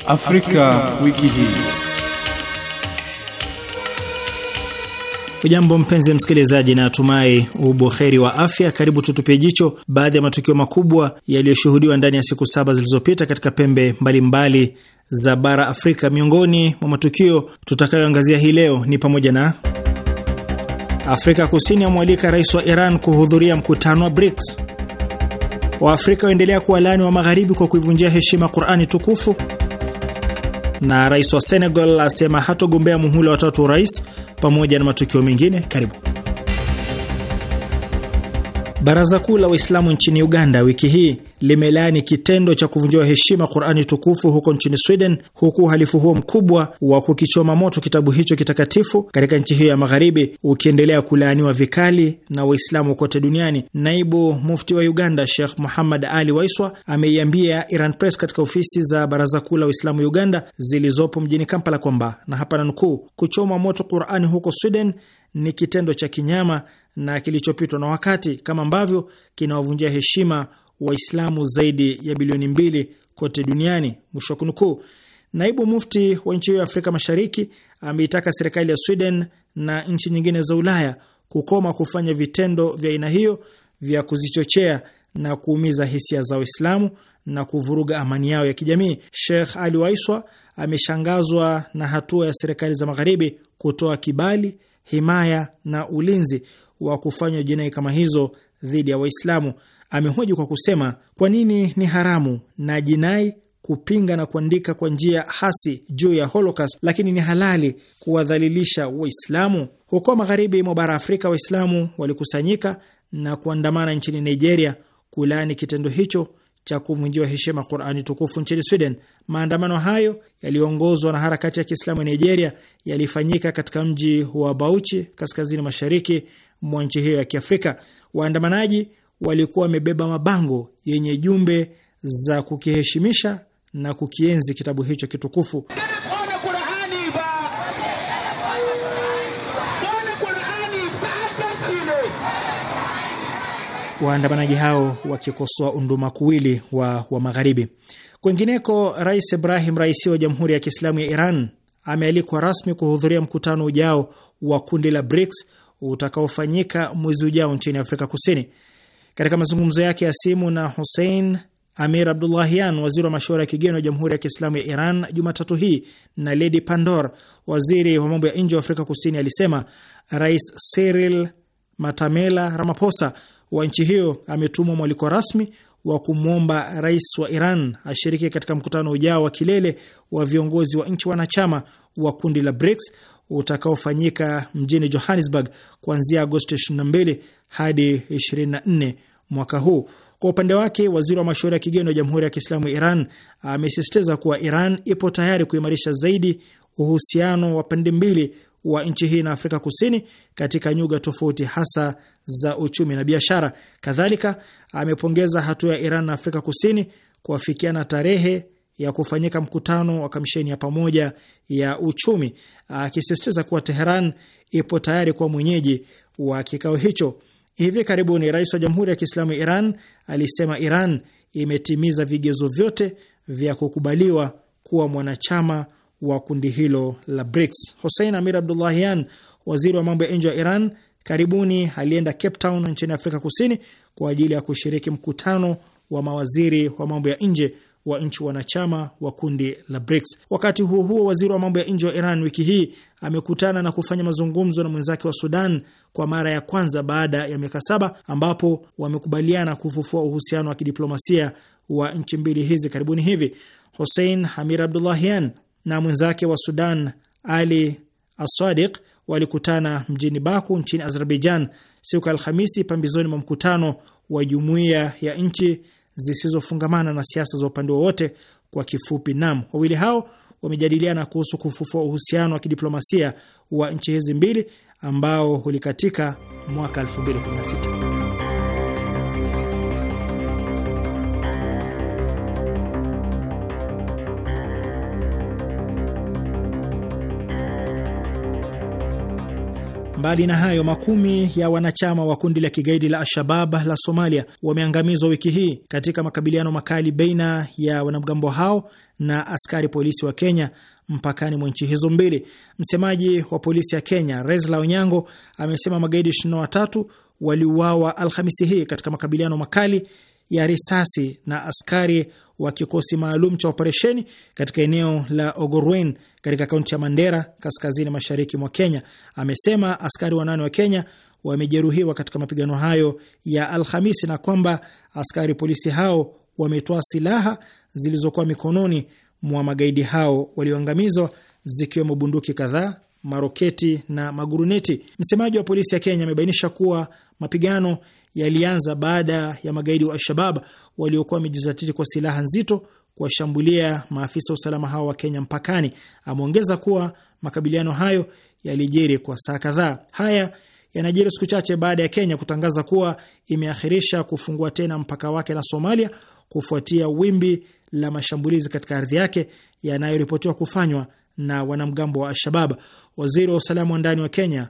Afrika, wiki hii. Ujambo mpenzi msikilizaji, na atumai ubuheri wa afya. Karibu tutupie jicho baadhi ya matukio makubwa yaliyoshuhudiwa ndani ya siku saba zilizopita katika pembe mbalimbali mbali za bara Afrika. Miongoni mwa matukio tutakayoangazia hii leo ni pamoja na Afrika Kusini amwalika rais wa Iran kuhudhuria mkutano wa BRICS. Waafrika waendelea kuwalaani wa magharibi kwa kuivunjia heshima Qur'ani tukufu na rais wa Senegal asema hatogombea muhula watatu wa rais, pamoja na matukio mengine. Karibu. Baraza Kuu la Waislamu nchini Uganda wiki hii limelaani kitendo cha kuvunjiwa heshima Qurani tukufu huko nchini Sweden, huku uhalifu huo mkubwa wa kukichoma moto kitabu hicho kitakatifu katika nchi hiyo ya magharibi ukiendelea kulaaniwa vikali na Waislamu kote duniani. Naibu mufti wa Uganda Sheikh Muhammad Ali Waiswa ameiambia Iran Press katika ofisi za Baraza Kuu la Waislamu Uganda zilizopo mjini Kampala kwamba na hapa nanukuu, kuchoma moto Qurani huko Sweden ni kitendo cha kinyama na kilichopitwa na wakati, kama ambavyo kinawavunjia heshima Waislamu zaidi ya bilioni mbili kote duniani, mwisho wa kunukuu. Naibu mufti wa nchi hiyo ya Afrika Mashariki ameitaka serikali ya Sweden na nchi nyingine za Ulaya kukoma kufanya vitendo vya aina hiyo vya kuzichochea na kuumiza hisia za Waislamu na kuvuruga amani yao ya kijamii. Sheikh Ali Waiswa ameshangazwa na hatua ya serikali za Magharibi kutoa kibali, himaya na ulinzi wa kufanywa jinai kama hizo dhidi ya Waislamu amehoji kwa kusema kwa nini ni haramu na jinai kupinga na kuandika kwa njia hasi juu ya Holocaust, lakini ni halali kuwadhalilisha Waislamu. Huko magharibi mwa bara Afrika, Waislamu walikusanyika na kuandamana nchini Nigeria kulaani kitendo hicho cha kuvunjiwa heshima Qurani tukufu nchini Sweden. Maandamano hayo yaliyoongozwa na harakati ya Kiislamu ya Nigeria yalifanyika katika mji wa Bauchi, kaskazini mashariki mwa nchi hiyo ya Kiafrika. Waandamanaji walikuwa wamebeba mabango yenye jumbe za kukiheshimisha na kukienzi kitabu hicho kitukufu. Waandamanaji hao wakikosoa undumakuwili wa wa Magharibi. Kwingineko, Rais Ibrahim Raisi wa Jamhuri ya Kiislamu ya Iran amealikwa rasmi kuhudhuria mkutano ujao wa kundi la BRICS utakaofanyika mwezi ujao nchini Afrika Kusini. Katika mazungumzo yake ya simu na Hussein Amir Abdullahian, waziri wa mashauri ya kigeni wa Jamhuri ya Kiislamu ya Iran, Jumatatu hii na Lady Pandor, waziri wa mambo ya nje wa Afrika Kusini, alisema Rais Cyril Matamela Ramaphosa wa nchi hiyo ametumwa mwaliko rasmi wa kumwomba rais wa Iran ashiriki katika mkutano ujao wa kilele wa viongozi wa nchi wanachama wa kundi la BRICS utakaofanyika mjini Johannesburg kuanzia Agosti 22 hadi 24 mwaka huu. Kwa upande wake, waziri wa mashauri ya kigeni wa Jamhuri ya Kiislamu ya Iran amesisitiza kuwa Iran ipo tayari kuimarisha zaidi uhusiano wa pande mbili wa nchi hii na Afrika Kusini katika nyuga tofauti, hasa za uchumi na biashara. Kadhalika amepongeza hatua ya Iran na Afrika Kusini kuafikiana tarehe ya kufanyika mkutano wa kamisheni ya pamoja ya uchumi, akisisitiza kuwa Teheran ipo tayari kuwa mwenyeji wa kikao hicho. Hivi karibuni rais wa Jamhuri ya Kiislamu ya Iran alisema Iran imetimiza vigezo vyote vya kukubaliwa kuwa mwanachama wa kundi hilo la BRICS. Hussein Amir Abdullahian, waziri wa mambo ya nje wa Iran, karibuni alienda Cape Town nchini Afrika Kusini kwa ajili ya kushiriki mkutano wa mawaziri wa mambo ya nje wa nchi wanachama wa kundi la BRICS. Wakati huo huo, waziri wa mambo ya nje wa Iran wiki hii amekutana na kufanya mazungumzo na mwenzake wa Sudan kwa mara ya kwanza baada ya miaka saba, ambapo wamekubaliana kufufua uhusiano wa kidiplomasia wa nchi mbili hizi karibuni hivi. Hussein Hamir Abdullahian na mwenzake wa Sudan Ali Asadiq walikutana mjini Baku nchini Azerbaijan siku ya Alhamisi pambizoni mwa mkutano wa jumuiya ya nchi zisizofungamana na siasa za upande wowote, kwa kifupi NAM. Wawili hao wamejadiliana kuhusu kufufua uhusiano wa kidiplomasia wa nchi hizi mbili ambao ulikatika mwaka 2016. Mbali na hayo, makumi ya wanachama wa kundi la kigaidi la Al-Shabab la Somalia wameangamizwa wiki hii katika makabiliano makali baina ya wanamgambo hao na askari polisi wa Kenya mpakani mwa nchi hizo mbili. Msemaji wa polisi ya Kenya Resla Onyango amesema magaidi 23 waliuawa Alhamisi hii katika makabiliano makali ya risasi na askari wa kikosi maalum cha operesheni katika eneo la Ogorwen katika kaunti ya Mandera, kaskazini mashariki mwa Kenya, amesema askari wanane wa Kenya wamejeruhiwa katika mapigano hayo ya Alhamisi na kwamba askari polisi hao wametoa silaha zilizokuwa mikononi mwa magaidi hao walioangamizwa zikiwemo bunduki kadhaa, maroketi na maguruneti. Msemaji wa polisi ya Kenya amebainisha kuwa mapigano yalianza baada ya magaidi wa Alshabab waliokuwa wamejizatiti kwa silaha nzito kuwashambulia maafisa wa usalama hao wa Kenya mpakani. Ameongeza kuwa makabiliano hayo yalijiri kwa saa kadhaa. Haya yanajiri siku chache baada ya Kenya kutangaza kuwa imeakhirisha kufungua tena mpaka wake na Somalia kufuatia wimbi la mashambulizi katika ardhi yake yanayoripotiwa kufanywa na wanamgambo wa Alshabab. Waziri wa usalama wa ndani wa Kenya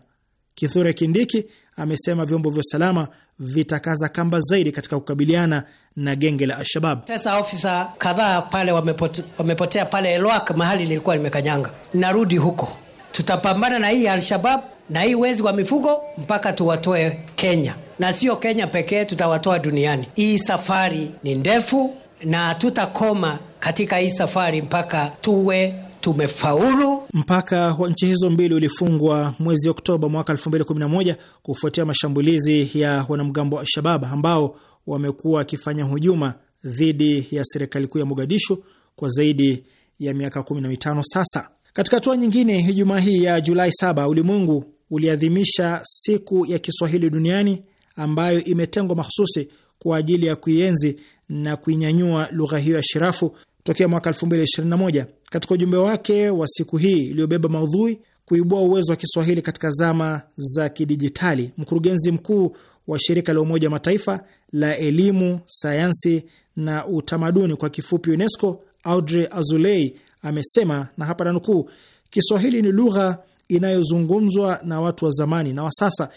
Kithure Kindiki amesema vyombo vya usalama vitakaza kamba zaidi katika kukabiliana na genge la Alshabab. Sasa ofisa kadhaa pale wamepote, wamepotea pale Elwak, mahali lilikuwa limekanyanga. Narudi huko, tutapambana na hii Alshabab na hii wezi wa mifugo mpaka tuwatoe Kenya, na sio Kenya pekee, tutawatoa duniani. Hii safari ni ndefu na tutakoma katika hii safari mpaka tuwe tumefaulu. Mpaka wa nchi hizo mbili ulifungwa mwezi Oktoba mwaka 2011 kufuatia mashambulizi ya wanamgambo wa Al-Shabab ambao wamekuwa wakifanya hujuma dhidi ya serikali kuu ya Mogadishu kwa zaidi ya miaka 15 sasa. Katika hatua nyingine, Ijumaa hii ya Julai 7 ulimwengu uliadhimisha siku ya Kiswahili duniani ambayo imetengwa mahususi kwa ajili ya kuienzi na kuinyanyua lugha hiyo ya shirafu tokea mwaka 2021. Katika ujumbe wake wa siku hii iliyobeba maudhui kuibua uwezo wa Kiswahili katika zama za kidijitali, mkurugenzi mkuu wa shirika la Umoja wa Mataifa la elimu, sayansi na utamaduni kwa kifupi UNESCO, Audrey Azoulay amesema, na hapa nanukuu, Kiswahili ni lugha inayozungumzwa na watu wa zamani na wa sasa,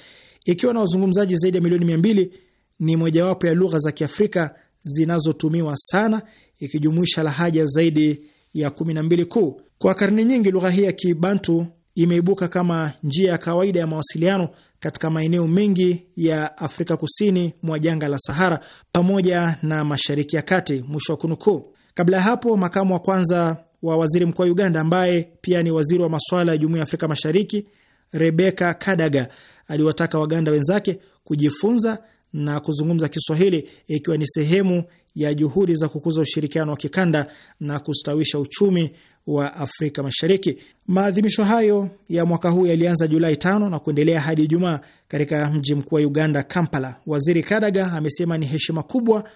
ikiwa na wazungumzaji zaidi ya milioni mia mbili. Ni mojawapo ya lugha za Kiafrika zinazotumiwa sana, ikijumuisha lahaja zaidi ya 12 kuu. Kwa karne nyingi, lugha hii ya Kibantu imeibuka kama njia ya kawaida ya mawasiliano katika maeneo mengi ya Afrika kusini mwa jangwa la Sahara pamoja na Mashariki ya Kati. Mwisho wa kunukuu. Kabla ya hapo, makamu wa kwanza wa waziri mkuu wa Uganda ambaye pia ni waziri wa masuala ya Jumuiya ya Afrika Mashariki, Rebeka Kadaga aliwataka Waganda wenzake kujifunza na kuzungumza Kiswahili ikiwa ni sehemu ya juhudi za kukuza ushirikiano wa kikanda na kustawisha uchumi wa Afrika Mashariki. Maadhimisho hayo ya mwaka huu yalianza Julai tano na kuendelea hadi Ijumaa katika mji mkuu wa Uganda, Kampala. Waziri Kadaga amesema ni heshima kubwa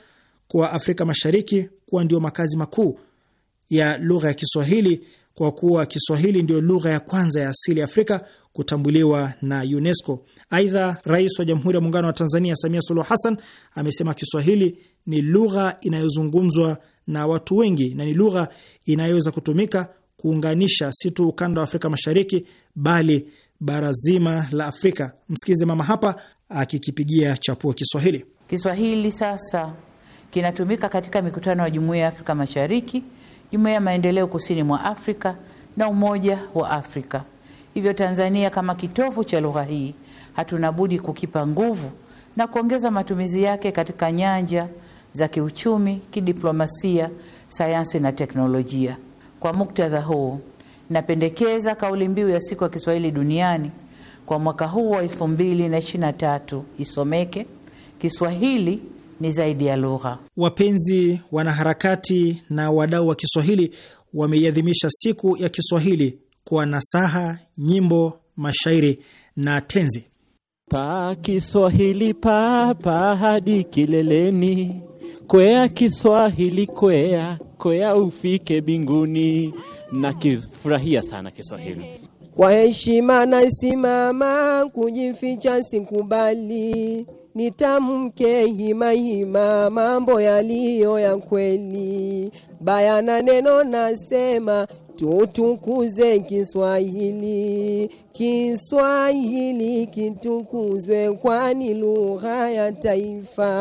kwa Afrika Mashariki kuwa ndio makazi makuu ya lugha ya Kiswahili kwa kuwa Kiswahili ndiyo lugha ya kwanza ya asili ya Afrika kutambuliwa na UNESCO. Aidha, Rais wa Jamhuri ya Muungano wa Tanzania Samia Suluhu Hassan amesema Kiswahili ni lugha inayozungumzwa na watu wengi na ni lugha inayoweza kutumika kuunganisha si tu ukanda wa Afrika Mashariki bali bara zima la Afrika. Msikize mama hapa akikipigia chapuo Kiswahili. Kiswahili sasa kinatumika katika mikutano ya Jumuiya ya Afrika Mashariki Jumuiya ya Maendeleo Kusini mwa Afrika na Umoja wa Afrika. Hivyo Tanzania kama kitovu cha lugha hii hatuna budi kukipa nguvu na kuongeza matumizi yake katika nyanja za kiuchumi, kidiplomasia, sayansi na teknolojia. Kwa muktadha huu, napendekeza kauli mbiu ya siku ya Kiswahili duniani kwa mwaka huu wa 2023 isomeke Kiswahili ni zaidi ya lugha. Wapenzi wanaharakati na wadau wa Kiswahili wameiadhimisha siku ya Kiswahili kwa nasaha, nyimbo, mashairi na tenzi. Pa Kiswahili papa hadi kileleni, kwea Kiswahili kwea kwea, ufike binguni. Na kifurahia sana Kiswahili kwa heshima na simama, kujificha sikubali nitamke hima hima mambo yaliyo ya kweli, bayana neno nasema tutukuze Kiswahili, Kiswahili kitukuzwe, kwani lugha ya taifa.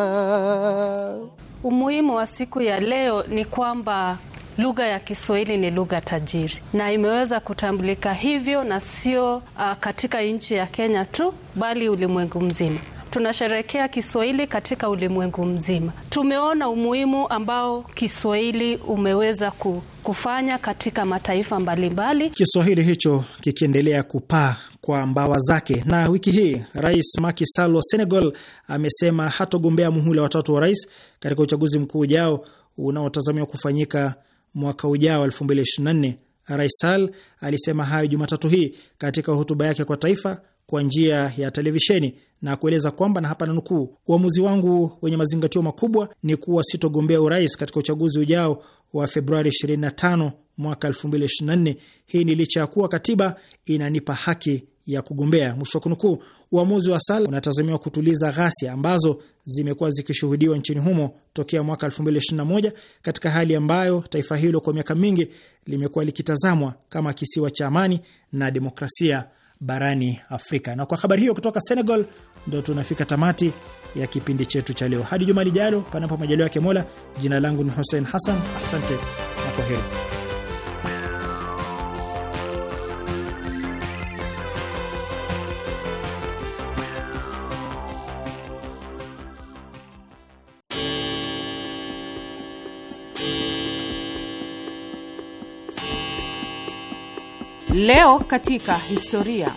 Umuhimu wa siku ya leo ni kwamba lugha ya Kiswahili ni lugha tajiri na imeweza kutambulika hivyo, na sio uh, katika nchi ya Kenya tu bali ulimwengu mzima tunasherekea Kiswahili katika ulimwengu mzima. Tumeona umuhimu ambao Kiswahili umeweza ku, kufanya katika mataifa mbalimbali, Kiswahili hicho kikiendelea kupaa kwa mbawa zake. Na wiki hii Rais Macky Sall wa Senegal amesema hatogombea muhula watatu wa rais katika uchaguzi mkuu ujao unaotazamiwa kufanyika mwaka ujao 2024. Rais Sall alisema hayo Jumatatu hii katika hotuba yake kwa taifa kwa njia ya televisheni na kueleza kwamba na hapa na nukuu, uamuzi wangu wenye mazingatio makubwa ni kuwa sitogombea urais katika uchaguzi ujao wa Februari 25 mwaka 2024. Hii ni licha ya kuwa katiba inanipa haki ya kugombea, mwisho wa kunukuu. Uamuzi wa Sala unatazamiwa kutuliza ghasia ambazo zimekuwa zikishuhudiwa nchini humo tokea mwaka 2021 katika hali ambayo taifa hilo kwa miaka mingi limekuwa likitazamwa kama kisiwa cha amani na demokrasia barani Afrika. Na kwa habari hiyo kutoka Senegal, ndo tunafika tamati ya kipindi chetu cha leo. Hadi juma lijalo, panapo majaliwa yake Mola. Jina langu ni Hussein Hassan, asante na kwa heri. Leo katika historia.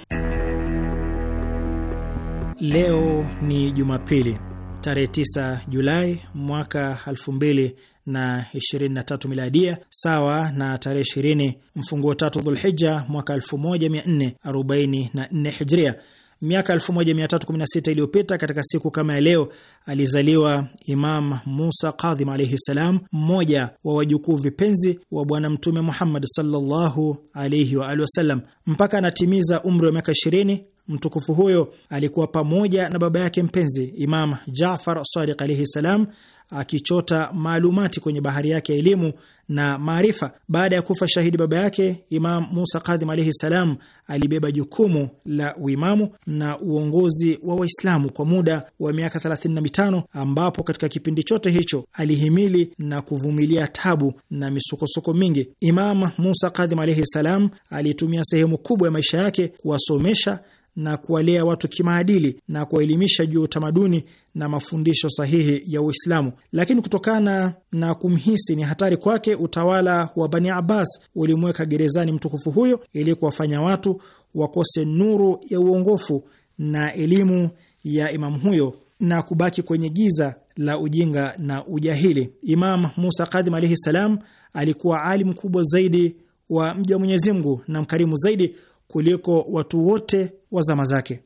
Leo ni Jumapili tarehe 9 Julai mwaka 2023 miladia, sawa na tarehe 20 mfunguo tatu Dhulhija mwaka 1444 hijria. Miaka 1316 iliyopita katika siku kama ya leo alizaliwa Imam Musa Kadhim alaihi ssalam, mmoja wa wajukuu vipenzi wa Bwana Mtume Muhammad sallallahu alaihi wa alihi wasallam. Mpaka anatimiza umri wa miaka 20 mtukufu huyo alikuwa pamoja na baba yake mpenzi Imam Jafar Sadiq alaihi ssalam akichota maalumati kwenye bahari yake ya elimu na maarifa. Baada ya kufa shahidi baba yake, Imam Musa Kadhim alaihi salam alibeba jukumu la uimamu na uongozi wa Waislamu kwa muda wa miaka 35 ambapo katika kipindi chote hicho alihimili na kuvumilia tabu na misukosuko mingi. Imam Musa Kadhim alaihi salam alitumia sehemu kubwa ya maisha yake kuwasomesha na kuwalea watu kimaadili na kuwaelimisha juu ya utamaduni na mafundisho sahihi ya Uislamu. Lakini kutokana na kumhisi ni hatari kwake, utawala wa Bani Abbas ulimweka gerezani mtukufu huyo ili kuwafanya watu wakose nuru ya uongofu na elimu ya imamu huyo na kubaki kwenye giza la ujinga na ujahili. Imam Musa Kadhim alaihi salam alikuwa alim mkubwa zaidi wa mji wa Mwenyezi Mungu na mkarimu zaidi kuliko watu wote wa zama zake.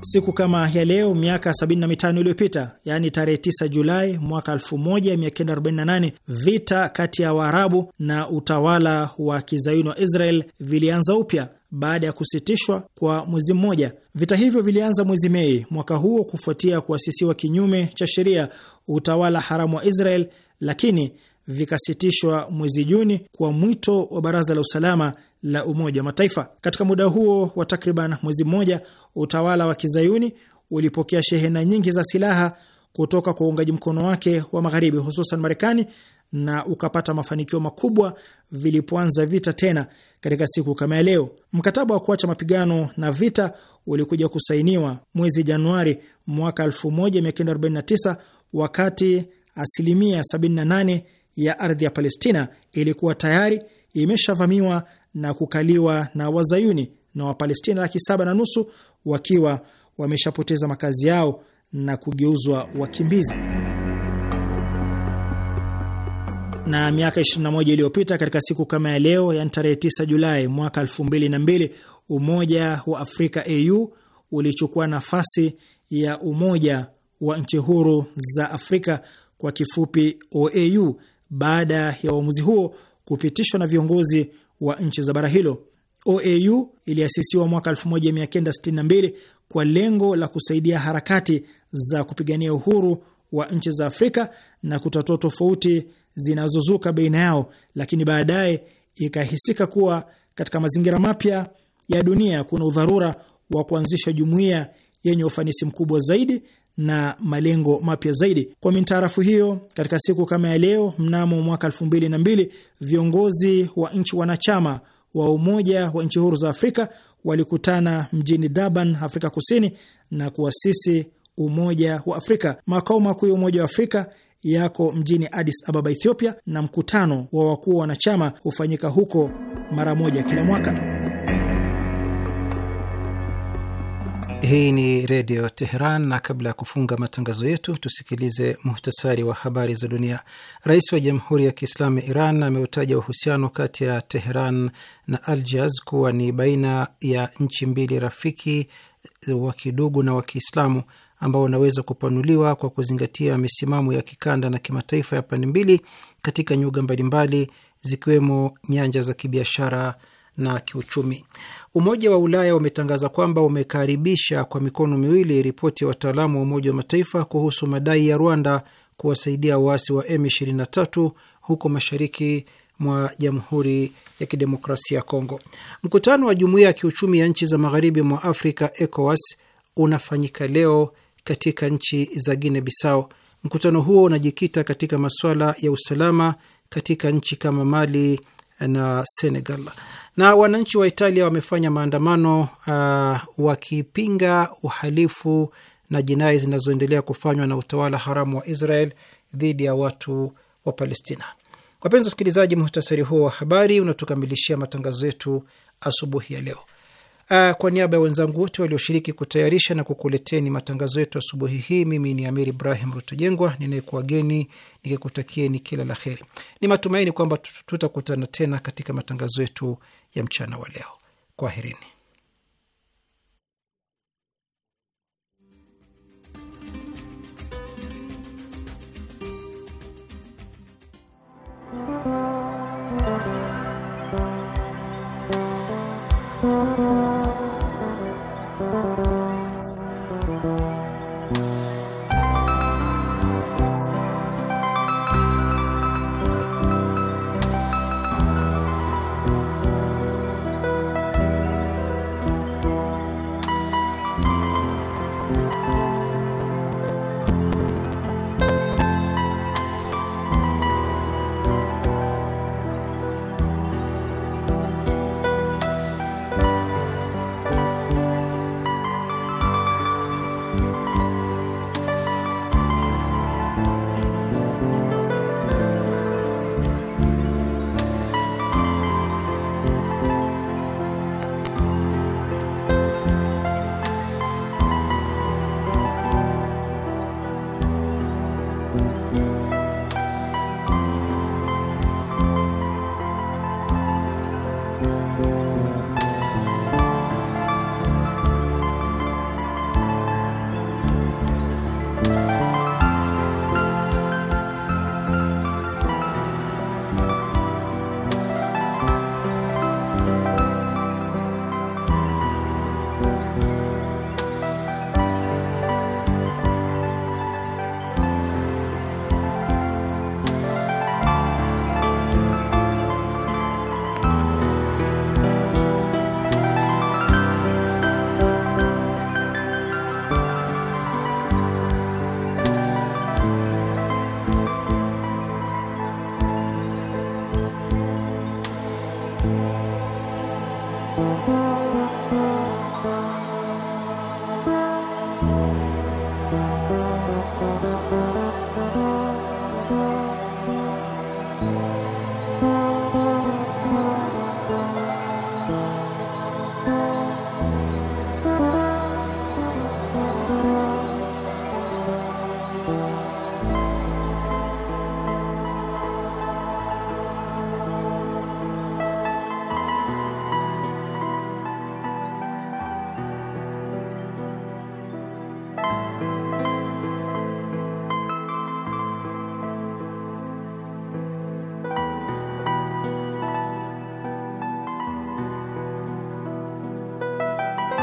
Siku kama ya leo miaka 75 iliyopita, yaani tarehe 9 Julai mwaka 1948, vita kati ya Waarabu na utawala wa kizayuni wa Israel vilianza upya baada ya kusitishwa kwa mwezi mmoja. Vita hivyo vilianza mwezi Mei mwaka huo kufuatia kuasisiwa kinyume cha sheria utawala haramu wa Israel, lakini vikasitishwa mwezi Juni kwa mwito wa Baraza la Usalama la Umoja wa Mataifa. Katika muda huo wa takriban mwezi mmoja, utawala wa kizayuni ulipokea shehena nyingi za silaha kutoka kwa uungaji mkono wake wa Magharibi, hususan Marekani, na ukapata mafanikio makubwa vilipoanza vita tena katika siku kama ya leo. Mkataba wa kuacha mapigano na vita ulikuja kusainiwa mwezi Januari mwaka 1949 wakati asilimia 78 ya ardhi ya Palestina ilikuwa tayari imeshavamiwa na kukaliwa na Wazayuni na Wapalestina laki saba na nusu wakiwa wameshapoteza makazi yao na kugeuzwa wakimbizi. Na miaka 21 iliyopita katika siku kama ya leo, yani tarehe 9 Julai mwaka 2002, Umoja wa Afrika AU ulichukua nafasi ya Umoja wa Nchi Huru za Afrika, kwa kifupi OAU, baada ya uamuzi huo kupitishwa na viongozi wa nchi za bara hilo. OAU iliasisiwa mwaka 1962 kwa lengo la kusaidia harakati za kupigania uhuru wa nchi za Afrika na kutatua tofauti zinazozuka baina yao, lakini baadaye ikahisika kuwa katika mazingira mapya ya dunia kuna udharura wa kuanzisha jumuiya yenye ufanisi mkubwa zaidi na malengo mapya zaidi. Kwa mintaarafu hiyo, katika siku kama ya leo mnamo mwaka elfu mbili na mbili viongozi wa nchi wanachama wa Umoja wa Nchi Huru za Afrika walikutana mjini Durban, Afrika Kusini na kuasisi Umoja wa Afrika. Makao makuu ya Umoja wa Afrika yako mjini Addis Ababa, Ethiopia, na mkutano wa wakuu wa wanachama hufanyika huko mara moja kila mwaka. Hii ni Redio Teheran, na kabla ya kufunga matangazo yetu tusikilize muhtasari wa habari za dunia. Rais wa Jamhuri ya Kiislamu ya Iran ameutaja uhusiano kati ya Teheran na aljaz kuwa ni baina ya nchi mbili rafiki wa kidugu na wa Kiislamu ambao unaweza kupanuliwa kwa kuzingatia misimamo ya kikanda na kimataifa ya pande mbili katika nyuga mbalimbali zikiwemo nyanja za kibiashara na kiuchumi. Umoja wa Ulaya umetangaza kwamba umekaribisha kwa mikono miwili ripoti ya wataalamu wa Umoja wa Mataifa kuhusu madai ya Rwanda kuwasaidia waasi wa M23 huko mashariki mwa Jamhuri ya Kidemokrasia ya Kongo. Mkutano wa Jumuiya ya Kiuchumi ya Nchi za Magharibi mwa Afrika, ECOWAS, unafanyika leo katika nchi za Guinea Bissau. Mkutano huo unajikita katika masuala ya usalama katika nchi kama Mali na Senegal. Na wananchi wa Italia wamefanya maandamano uh, wakipinga uhalifu na jinai zinazoendelea kufanywa na utawala haramu wa Israel dhidi ya watu wa Palestina. Wapenzi wasikilizaji, muhtasari huo wa habari unatukamilishia matangazo yetu asubuhi ya leo. Uh, kwa niaba ya wenzangu wote walioshiriki kutayarisha na kukuleteni matangazo yetu asubuhi hii, mimi ni Amir Ibrahim rutojengwa ninayekuwageni nikikutakieni kila la heri. Ni matumaini kwamba tutakutana tena katika matangazo yetu ya mchana wa leo. Kwaherini.